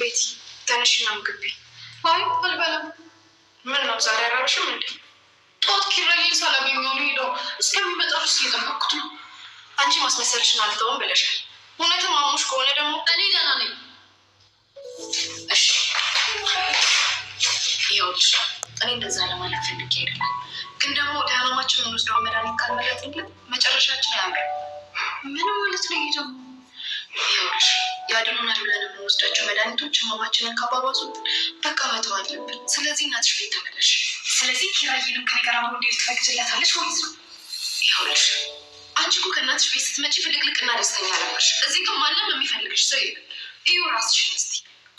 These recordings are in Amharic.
ቤቲ ተነሽና ምግቢ። አይ አልበላም። ምን ነው ዛሬ አራርሽም እንዴ? ጦት ኪራይ ሳላገኘው ሄዶ እስከሚመጣ ድረስ እየጠበኩት ነው። አንቺ ማስመሰልሽን አልተውም ብለሻል። እውነትም አሞሽ ከሆነ ደግሞ እኔ ደህና ነኝ። እሺ ይኸውልሽ፣ እኔ እንደዛ ለማለት ፈልጌ አይደለም፣ ግን ደግሞ ወደ ህመማችን የምንወስደው መድኃኒት ካልመረጥን መጨረሻችን አያምርም። ምን ማለት ነው ይሄ ደግሞ? ይኸውልሽ ያድኑናል ብለን የምንወስዳቸው መድኃኒቶች ህመማችንን ካባባሱ በቃ መተው አለብን። ስለዚህ እናትሽ ቤት ተመለሽ። ስለዚህ ኪራይንም ከኔ ጋር አብሮ እንዲሄድ ትፈቅጂላታለሽ ማለት ነው? ይኸውልሽ አንቺ እኮ ከእናትሽ ቤት ስትመጪ ፍልቅልቅና ደስተኛ ነበርሽ። እዚህ ግን ማንም የሚፈልግሽ ሰው የለም። እዩ ራስሽን እስኪ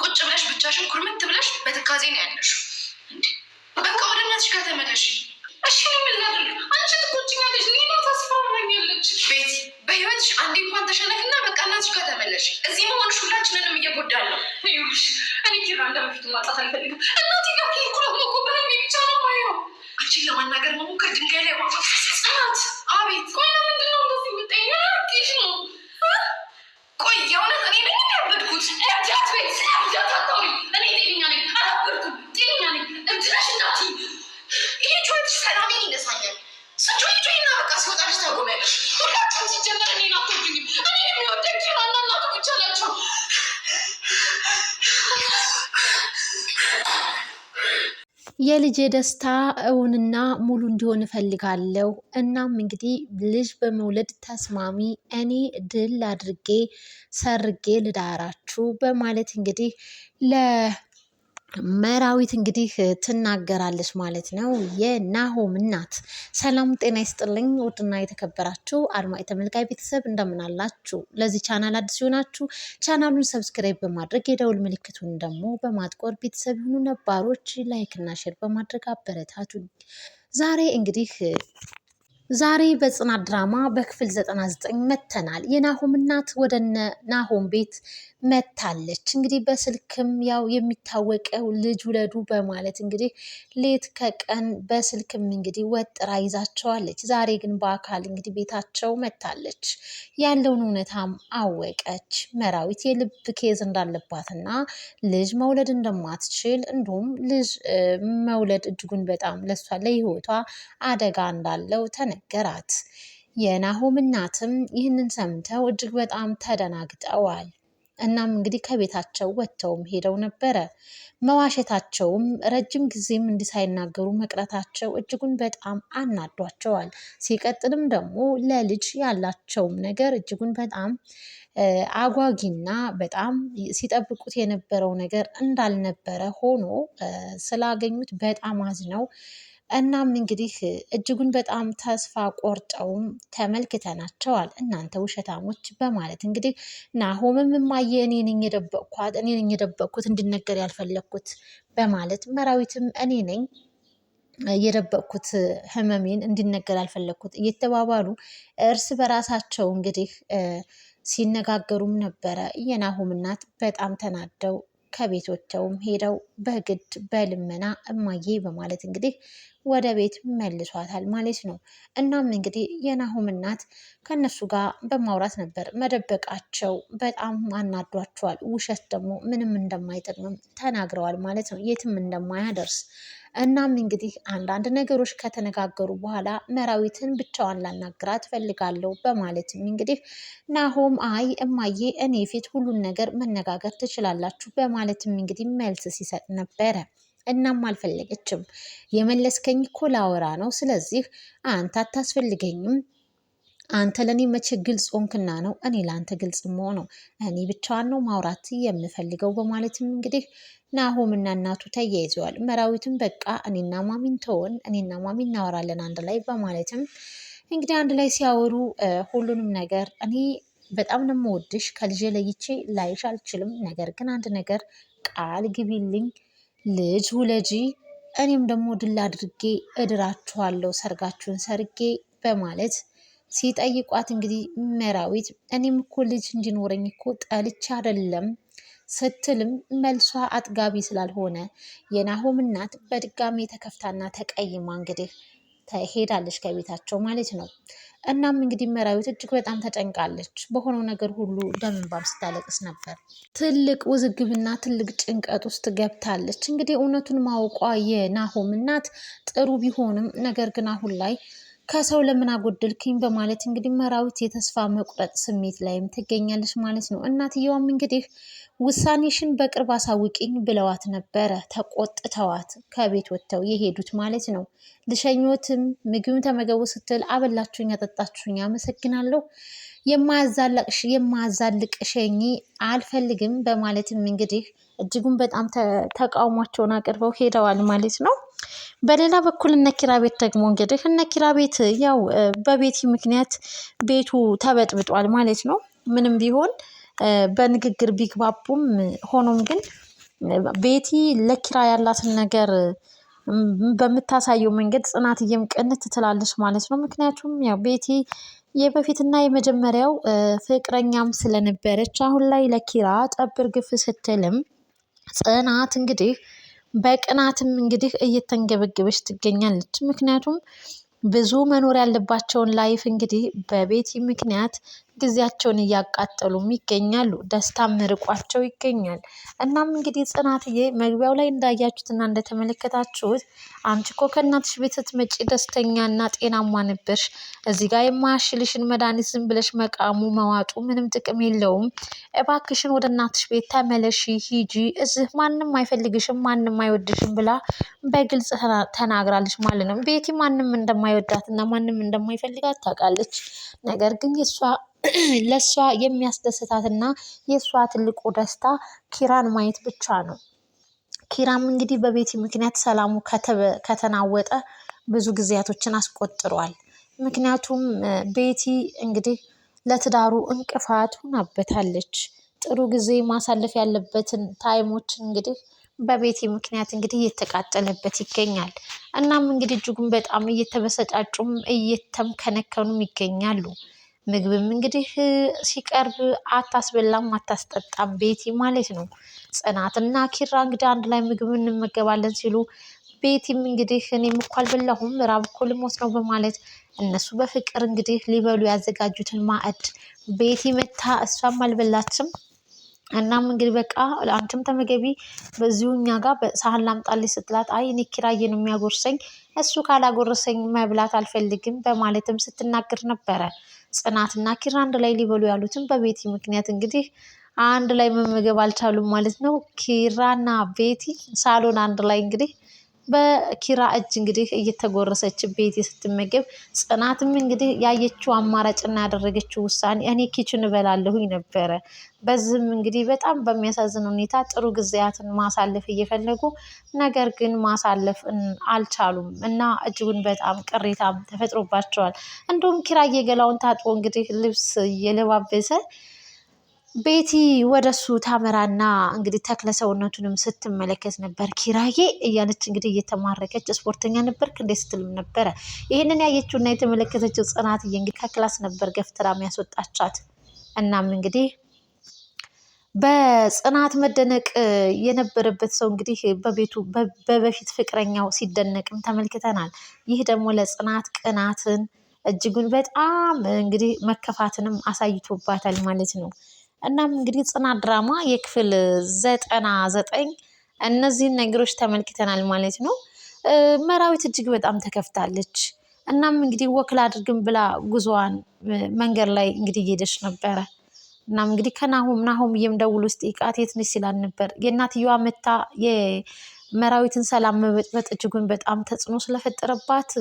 ቁጭ ብለሽ ብቻሽን ኩርምት ብለሽ በትካዜ ነው ያለሽው። በቃ ወደ እናትሽ ጋር ተመለሽ። እሺ ምን ላድርግ? አንቺ ትቆጭኛለሽ፣ ሌላ ተስፋ ሆኛለች። ቤቲ በህይወትሽ አንዴ እንኳን ተሸነፍና በቃ እናትሽ ጋር ተመለሽ። እዚህ መሆንሽ ሁላችንንም እየጎዳ ነው። ይኸውልሽ እኔ ኪራ እንደበፊቱ ማጣት አልፈልግም። እናቴ ጋር ኩራት መጎበል የሚቻለው ማየው አንቺን ለማናገር መሞከር ድንጋይ ላይ ማፋፋ ጽናት የልጄ ደስታ እውንና ሙሉ እንዲሆን እፈልጋለሁ። እናም እንግዲህ ልጅ በመውለድ ተስማሚ እኔ ድል አድርጌ ሰርጌ ልዳራችሁ በማለት እንግዲህ ለ መራዊት እንግዲህ ትናገራለች ማለት ነው። የናሆም እናት ሰላም ጤና ይስጥልኝ። ውድና የተከበራችሁ አድማጭ ተመልካይ ቤተሰብ እንደምን አላችሁ? ለዚህ ቻናል አዲስ ሲሆናችሁ ቻናሉን ሰብስክራይብ በማድረግ የደውል ምልክቱን ደግሞ በማጥቆር ቤተሰብ ይሁኑ። ነባሮች ላይክና ሼር በማድረግ አበረታቱኝ። ዛሬ እንግዲህ ዛሬ በጽናት ድራማ በክፍል 99 መተናል። የናሆም እናት ወደ ናሆም ቤት መታለች። እንግዲህ በስልክም ያው የሚታወቀው ልጅ ውለዱ በማለት እንግዲህ ሌት ከቀን በስልክም እንግዲህ ወጥራ ይዛቸዋለች። ዛሬ ግን በአካል እንግዲህ ቤታቸው መታለች። ያለውን እውነታም አወቀች። መራዊት የልብ ኬዝ እንዳለባትና ልጅ መውለድ እንደማትችል እንዲሁም ልጅ መውለድ እጅጉን በጣም ለሷ ለህይወቷ አደጋ እንዳለው ተነገራት። የናሆም እናትም ይህንን ሰምተው እጅግ በጣም ተደናግጠዋል። እናም እንግዲህ ከቤታቸው ወጥተውም ሄደው ነበረ። መዋሸታቸውም ረጅም ጊዜም እንዲህ ሳይናገሩ መቅረታቸው እጅጉን በጣም አናዷቸዋል። ሲቀጥልም ደግሞ ለልጅ ያላቸውም ነገር እጅጉን በጣም አጓጊና በጣም ሲጠብቁት የነበረው ነገር እንዳልነበረ ሆኖ ስላገኙት በጣም አዝነው እናም እንግዲህ እጅጉን በጣም ተስፋ ቆርጠውም ተመልክተናቸዋል። እናንተ ውሸታሞች በማለት እንግዲህ ናሆምም እማዬ እኔ ነኝ የደበቅኳት እኔ ነኝ የደበቅኩት እንድነገር ያልፈለግኩት በማለት መራዊትም እኔ ነኝ የደበቅኩት ህመሜን እንድነገር ያልፈለግኩት እየተባባሉ እርስ በራሳቸው እንግዲህ ሲነጋገሩም ነበረ። የናሆም እናት በጣም ተናደው ከቤቶቸውም ሄደው በግድ በልመና እማዬ በማለት እንግዲህ ወደ ቤት መልሷታል ማለት ነው። እናም እንግዲህ የናሁም እናት ከነሱ ጋር በማውራት ነበር መደበቃቸው በጣም አናዷቸዋል። ውሸት ደግሞ ምንም እንደማይጠቅምም ተናግረዋል ማለት ነው የትም እንደማያደርስ እናም እንግዲህ አንዳንድ ነገሮች ከተነጋገሩ በኋላ መራዊትን ብቻዋን ላናግራት እፈልጋለሁ በማለትም እንግዲህ ናሆም አይ እማዬ እኔ ፊት ሁሉን ነገር መነጋገር ትችላላችሁ በማለትም እንግዲህ መልስ ሲሰጥ ነበረ። እናም አልፈለገችም። የመለስከኝ እኮ ላወራ ነው፣ ስለዚህ አንተ አታስፈልገኝም አንተ ለእኔ መቼ ግልጽ ሆንክና ነው እኔ ለአንተ ግልጽ የምሆነው? እኔ ብቻዋን ነው ማውራት የምፈልገው በማለትም እንግዲህ ናሆምና እናቱ ተያይዘዋል። መራዊትም በቃ እኔና ማሚን ተወን፣ እኔና ማሚ እናወራለን አንድ ላይ በማለትም እንግዲህ አንድ ላይ ሲያወሩ ሁሉንም ነገር እኔ በጣም ነው የምወድሽ፣ ከልጄ ለይቼ ላይሽ አልችልም። ነገር ግን አንድ ነገር ቃል ግቢልኝ፣ ልጅ ውለጂ፣ እኔም ደግሞ ድል አድርጌ እድራችኋለሁ፣ ሰርጋችሁን ሰርጌ በማለት ሲጠይቋት እንግዲህ መራዊት እኔም እኮ ልጅ እንዲኖረኝ እኮ ጠልቼ አይደለም ስትልም መልሷ አጥጋቢ ስላልሆነ የናሆም እናት በድጋሚ ተከፍታና ተቀይማ እንግዲህ ተሄዳለች ከቤታቸው ማለት ነው። እናም እንግዲህ መራዊት እጅግ በጣም ተጨንቃለች። በሆነው ነገር ሁሉ ደምንባም ስታለቅስ ነበር። ትልቅ ውዝግብና ትልቅ ጭንቀት ውስጥ ገብታለች። እንግዲህ እውነቱን ማወቋ የናሆም እናት ጥሩ ቢሆንም ነገር ግን አሁን ላይ ከሰው ለምን አጎደልክኝ በማለት እንግዲህ መራዊት የተስፋ መቁረጥ ስሜት ላይም ትገኛለች ማለት ነው። እናትየዋም እንግዲህ ውሳኔሽን በቅርብ አሳውቂኝ ብለዋት ነበረ። ተቆጥተዋት ከቤት ወጥተው የሄዱት ማለት ነው። ልሸኞትም ምግብም ተመገቡ ስትል አበላችሁኝ፣ አጠጣችሁኝ፣ አመሰግናለሁ፣ የማያዛልቅ ሸኝ አልፈልግም በማለትም እንግዲህ እጅጉን በጣም ተቃውሟቸውን አቅርበው ሄደዋል ማለት ነው። በሌላ በኩል እነ ኪራ ቤት ደግሞ እንግዲህ እነ ኪራ ቤት ያው በቤቲ ምክንያት ቤቱ ተበጥብጧል ማለት ነው። ምንም ቢሆን በንግግር ቢግባቡም ሆኖም ግን ቤቲ ለኪራ ያላትን ነገር በምታሳየው መንገድ ጽናትዬም ቅንት ትላለች ማለት ነው። ምክንያቱም ያው ቤቲ የበፊትና የመጀመሪያው ፍቅረኛም ስለነበረች አሁን ላይ ለኪራ ጠብር ግፍ ስትልም ጽናት እንግዲህ በቅናትም እንግዲህ እየተንገበገበች ትገኛለች። ምክንያቱም ብዙ መኖር ያለባቸውን ላይፍ እንግዲህ በቤቲ ምክንያት ጊዜያቸውን እያቃጠሉም ይገኛሉ ደስታም ርቋቸው ይገኛል። እናም እንግዲህ ጽናትዬ መግቢያው ላይ እንዳያችሁትና እንደተመለከታችሁት አንቺ እኮ ከእናትሽ ቤት ስትመጪ ደስተኛና ጤናማ ነበርሽ። እዚህ ጋር የማያሽልሽን መድኃኒት ዝም ብለሽ መቃሙ መዋጡ ምንም ጥቅም የለውም። እባክሽን ወደ እናትሽ ቤት ተመለሺ፣ ሂጂ፣ እዚህ ማንም አይፈልግሽም፣ ማንም አይወድሽም ብላ በግልጽ ተናግራለች ማለት ነው። ቤቲ ማንም እንደማይወዳትና ማንም እንደማይፈልጋት ታውቃለች። ነገር ግን የእሷ ለእሷ የሚያስደስታትና የእሷ ትልቁ ደስታ ኪራን ማየት ብቻ ነው። ኪራም እንግዲህ በቤቲ ምክንያት ሰላሙ ከተናወጠ ብዙ ጊዜያቶችን አስቆጥሯል። ምክንያቱም ቤቲ እንግዲህ ለትዳሩ እንቅፋት ሆናበታለች። ጥሩ ጊዜ ማሳለፍ ያለበትን ታይሞች እንግዲህ በቤቲ ምክንያት እንግዲህ እየተቃጠለበት ይገኛል። እናም እንግዲህ እጅጉን በጣም እየተበሰጫጩም እየተምከነከኑም ይገኛሉ። ምግብም እንግዲህ ሲቀርብ አታስበላም አታስጠጣም ቤቲ ማለት ነው። ጽናትና ኪራ እንግዲህ አንድ ላይ ምግብ እንመገባለን ሲሉ ቤቲም እንግዲህ እኔም እኮ አልበላሁም ራብ እኮ ልሞት ነው በማለት እነሱ በፍቅር እንግዲህ ሊበሉ ያዘጋጁትን ማዕድ ቤቲ መታ እሷም አልበላችም። እናም እንግዲህ በቃ አንቺም ተመገቢ በዚሁ እኛ ጋር በሳህን ላምጣልሽ ስትላት አይ እኔ ኪራዬ ነው የሚያጎርሰኝ እሱ ካላጎረሰኝ መብላት አልፈልግም በማለትም ስትናገር ነበረ። ጽናትና ኪራ አንድ ላይ ሊበሉ ያሉትን በቤቲ ምክንያት እንግዲህ አንድ ላይ መመገብ አልቻሉም ማለት ነው። ኪራና ቤቲ ሳሎን አንድ ላይ እንግዲህ በኪራ እጅ እንግዲህ እየተጎረሰች ቤት ስትመገብ ጽናትም እንግዲህ ያየችው አማራጭና ያደረገችው ውሳኔ እኔ ኪችን እበላለሁኝ ነበረ። በዚህም እንግዲህ በጣም በሚያሳዝን ሁኔታ ጥሩ ጊዜያትን ማሳለፍ እየፈለጉ ነገር ግን ማሳለፍ አልቻሉም እና እጅጉን በጣም ቅሬታ ተፈጥሮባቸዋል። እንዲሁም ኪራ የገላውን ታጥቦ እንግዲህ ልብስ እየለባበሰ ቤቲ ወደ እሱ ታመራና እንግዲህ ተክለ ሰውነቱንም ስትመለከት ነበር። ኪራዬ እያለች እንግዲህ እየተማረከች ስፖርተኛ ነበርክ እንዴት ስትልም ነበረ። ይህንን ያየችውና የተመለከተችው ጽናትዬ እንግዲህ ከክላስ ነበር ገፍትራ ያስወጣቻት። እናም እንግዲህ በጽናት መደነቅ የነበረበት ሰው እንግዲህ በቤቱ በበፊት ፍቅረኛው ሲደነቅም ተመልክተናል። ይህ ደግሞ ለጽናት ቅናትን እጅጉን በጣም እንግዲህ መከፋትንም አሳይቶባታል ማለት ነው። እናም እንግዲህ ጽናት ድራማ የክፍል ዘጠና ዘጠኝ እነዚህን ነገሮች ተመልክተናል ማለት ነው። መራዊት እጅግ በጣም ተከፍታለች። እናም እንግዲህ ወክል አድርግም ብላ ጉዞዋን መንገድ ላይ እንግዲህ እየሄደች ነበረ። እናም እንግዲህ ከናሆም ናሆም እየምደውል ውስጥ ቃት የት ነች ሲላል ነበር። የእናትየዋ መታ የመራዊትን ሰላም መበጥበጥ እጅጉን በጣም ተጽዕኖ ስለፈጠረባት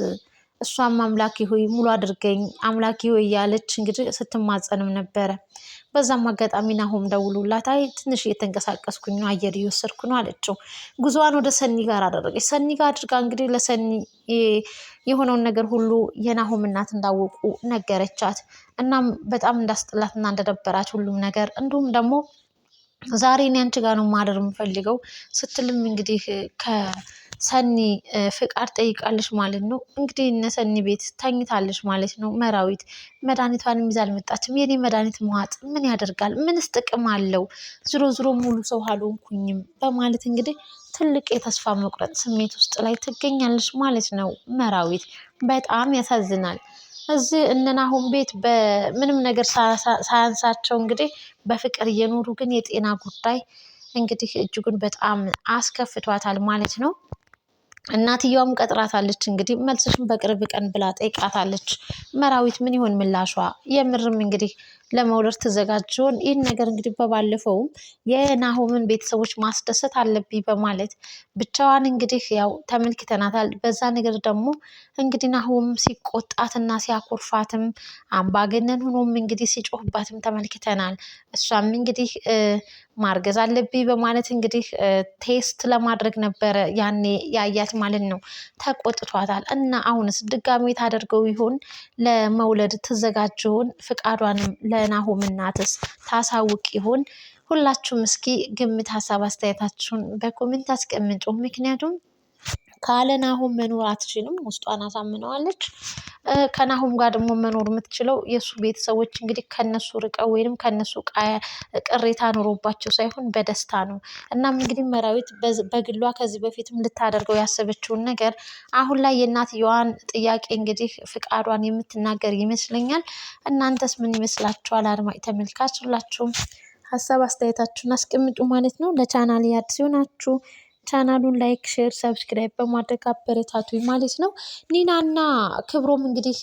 እሷም አምላኪ ሆይ ሙሉ አድርገኝ አምላኪ ሆይ እያለች እንግዲህ ስትማጸንም ነበረ። በዛም አጋጣሚ ናሆም ደውሎላት አይ ትንሽ እየተንቀሳቀስኩኝ ነው አየር እየወሰድኩ ነው አለችው። ጉዞዋን ወደ ሰኒ ጋር አደረገች። ሰኒ ጋር አድርጋ እንግዲህ ለሰኒ የሆነውን ነገር ሁሉ የናሆም እናት እንዳወቁ ነገረቻት። እናም በጣም እንዳስጥላትና እንደደበራት ሁሉም ነገር እንዲሁም ደግሞ ዛሬ እኔ አንቺ ጋር ነው ማደር የምፈልገው ስትልም እንግዲህ ከ ሰኒ ፍቃድ ጠይቃለች ማለት ነው። እንግዲህ እነ ሰኒ ቤት ተኝታለች ማለት ነው። መራዊት መድኃኒቷን ይዛ አልመጣችም። የኔ መድኃኒት መዋጥ ምን ያደርጋል? ምንስ ጥቅም አለው? ዝሮ ዝሮ ሙሉ ሰው አልሆንኩኝም በማለት እንግዲህ ትልቅ የተስፋ መቁረጥ ስሜት ውስጥ ላይ ትገኛለች ማለት ነው። መራዊት በጣም ያሳዝናል። እዚህ እነ ቤት በምንም ነገር ሳያንሳቸው እንግዲህ በፍቅር እየኖሩ ግን የጤና ጉዳይ እንግዲህ እጅጉን በጣም አስከፍቷታል ማለት ነው። እናትየውም ቀጥራታለች። እንግዲህ መልስሽን በቅርብ ቀን ብላ ጠይቃታለች። መራዊት ምን ይሆን ምላሿ? የምርም እንግዲህ ለመውለድ ተዘጋጀውን ይህን ነገር እንግዲህ በባለፈውም የናሆምን ቤተሰቦች ማስደሰት አለብኝ በማለት ብቻዋን እንግዲህ ያው ተመልክተናታል። በዛ ነገር ደግሞ እንግዲህ ናሆም ሲቆጣትና ሲያኮርፋትም አምባገነን ሆኖም እንግዲህ ሲጮህባትም ተመልክተናል። እሷም እንግዲህ ማርገዝ አለብኝ በማለት እንግዲህ ቴስት ለማድረግ ነበረ ያኔ ያያት ማለት ነው። ተቆጥቷታል። እና አሁንስ ድጋሜ ታደርገው ይሆን? ለመውለድ ተዘጋጀውን ፍቃዷንም ለናሆም እናትስ ታሳውቅ ይሆን? ሁላችሁም እስኪ ግምት፣ ሀሳብ አስተያየታችሁን በኮሜንት አስቀምጡ። ምክንያቱም ካለ ናሆም መኖር አትችልም። ውስጧን አሳምነዋለች። ከናሆም ጋር ደግሞ መኖር የምትችለው የእሱ ቤተሰቦች እንግዲህ ከነሱ ርቀው ወይንም ከነሱ ቅሬታ ኖሮባቸው ሳይሆን በደስታ ነው። እናም እንግዲህ መራዊት በግሏ ከዚህ በፊትም ልታደርገው ያሰበችውን ነገር አሁን ላይ የእናትየዋን ጥያቄ እንግዲህ ፍቃዷን የምትናገር ይመስለኛል። እናንተስ ምን ይመስላችኋል? አድማጭ ተመልካች ሁላችሁም ሀሳብ አስተያየታችሁን አስቀምጡ ማለት ነው። ለቻናል አዲስ ሲሆናችሁ ቻናሉን ላይክ፣ ሼር፣ ሰብስክራይብ በማድረግ አበረታቱኝ ማለት ነው። ኒናና ክብሮም እንግዲህ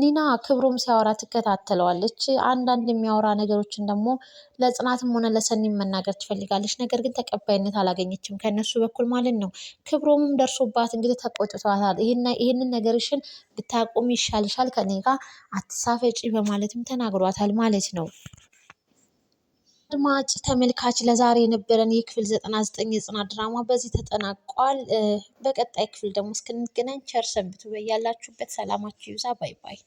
ኒና ክብሮም ሲያወራ ትከታተለዋለች። አንዳንድ የሚያወራ ነገሮችን ደግሞ ለጽናትም ሆነ ለሰኒ መናገር ትፈልጋለች። ነገር ግን ተቀባይነት አላገኘችም ከእነሱ በኩል ማለት ነው። ክብሮምም ደርሶባት እንግዲህ ተቆጥቷታል። ይህንን ነገርሽን ብታቆም ይሻልሻል፣ ከኔ ጋር አትሳፈጪ በማለትም ተናግሯታል ማለት ነው። አድማጭ ተመልካች ለዛሬ የነበረን የክፍል 99 የጽናት ድራማ በዚህ ተጠናቋል። በቀጣይ ክፍል ደግሞ እስክንገናኝ ቸር ሰንብቱ። በያላችሁበት ሰላማችሁ ይብዛ። ባይ ባይ።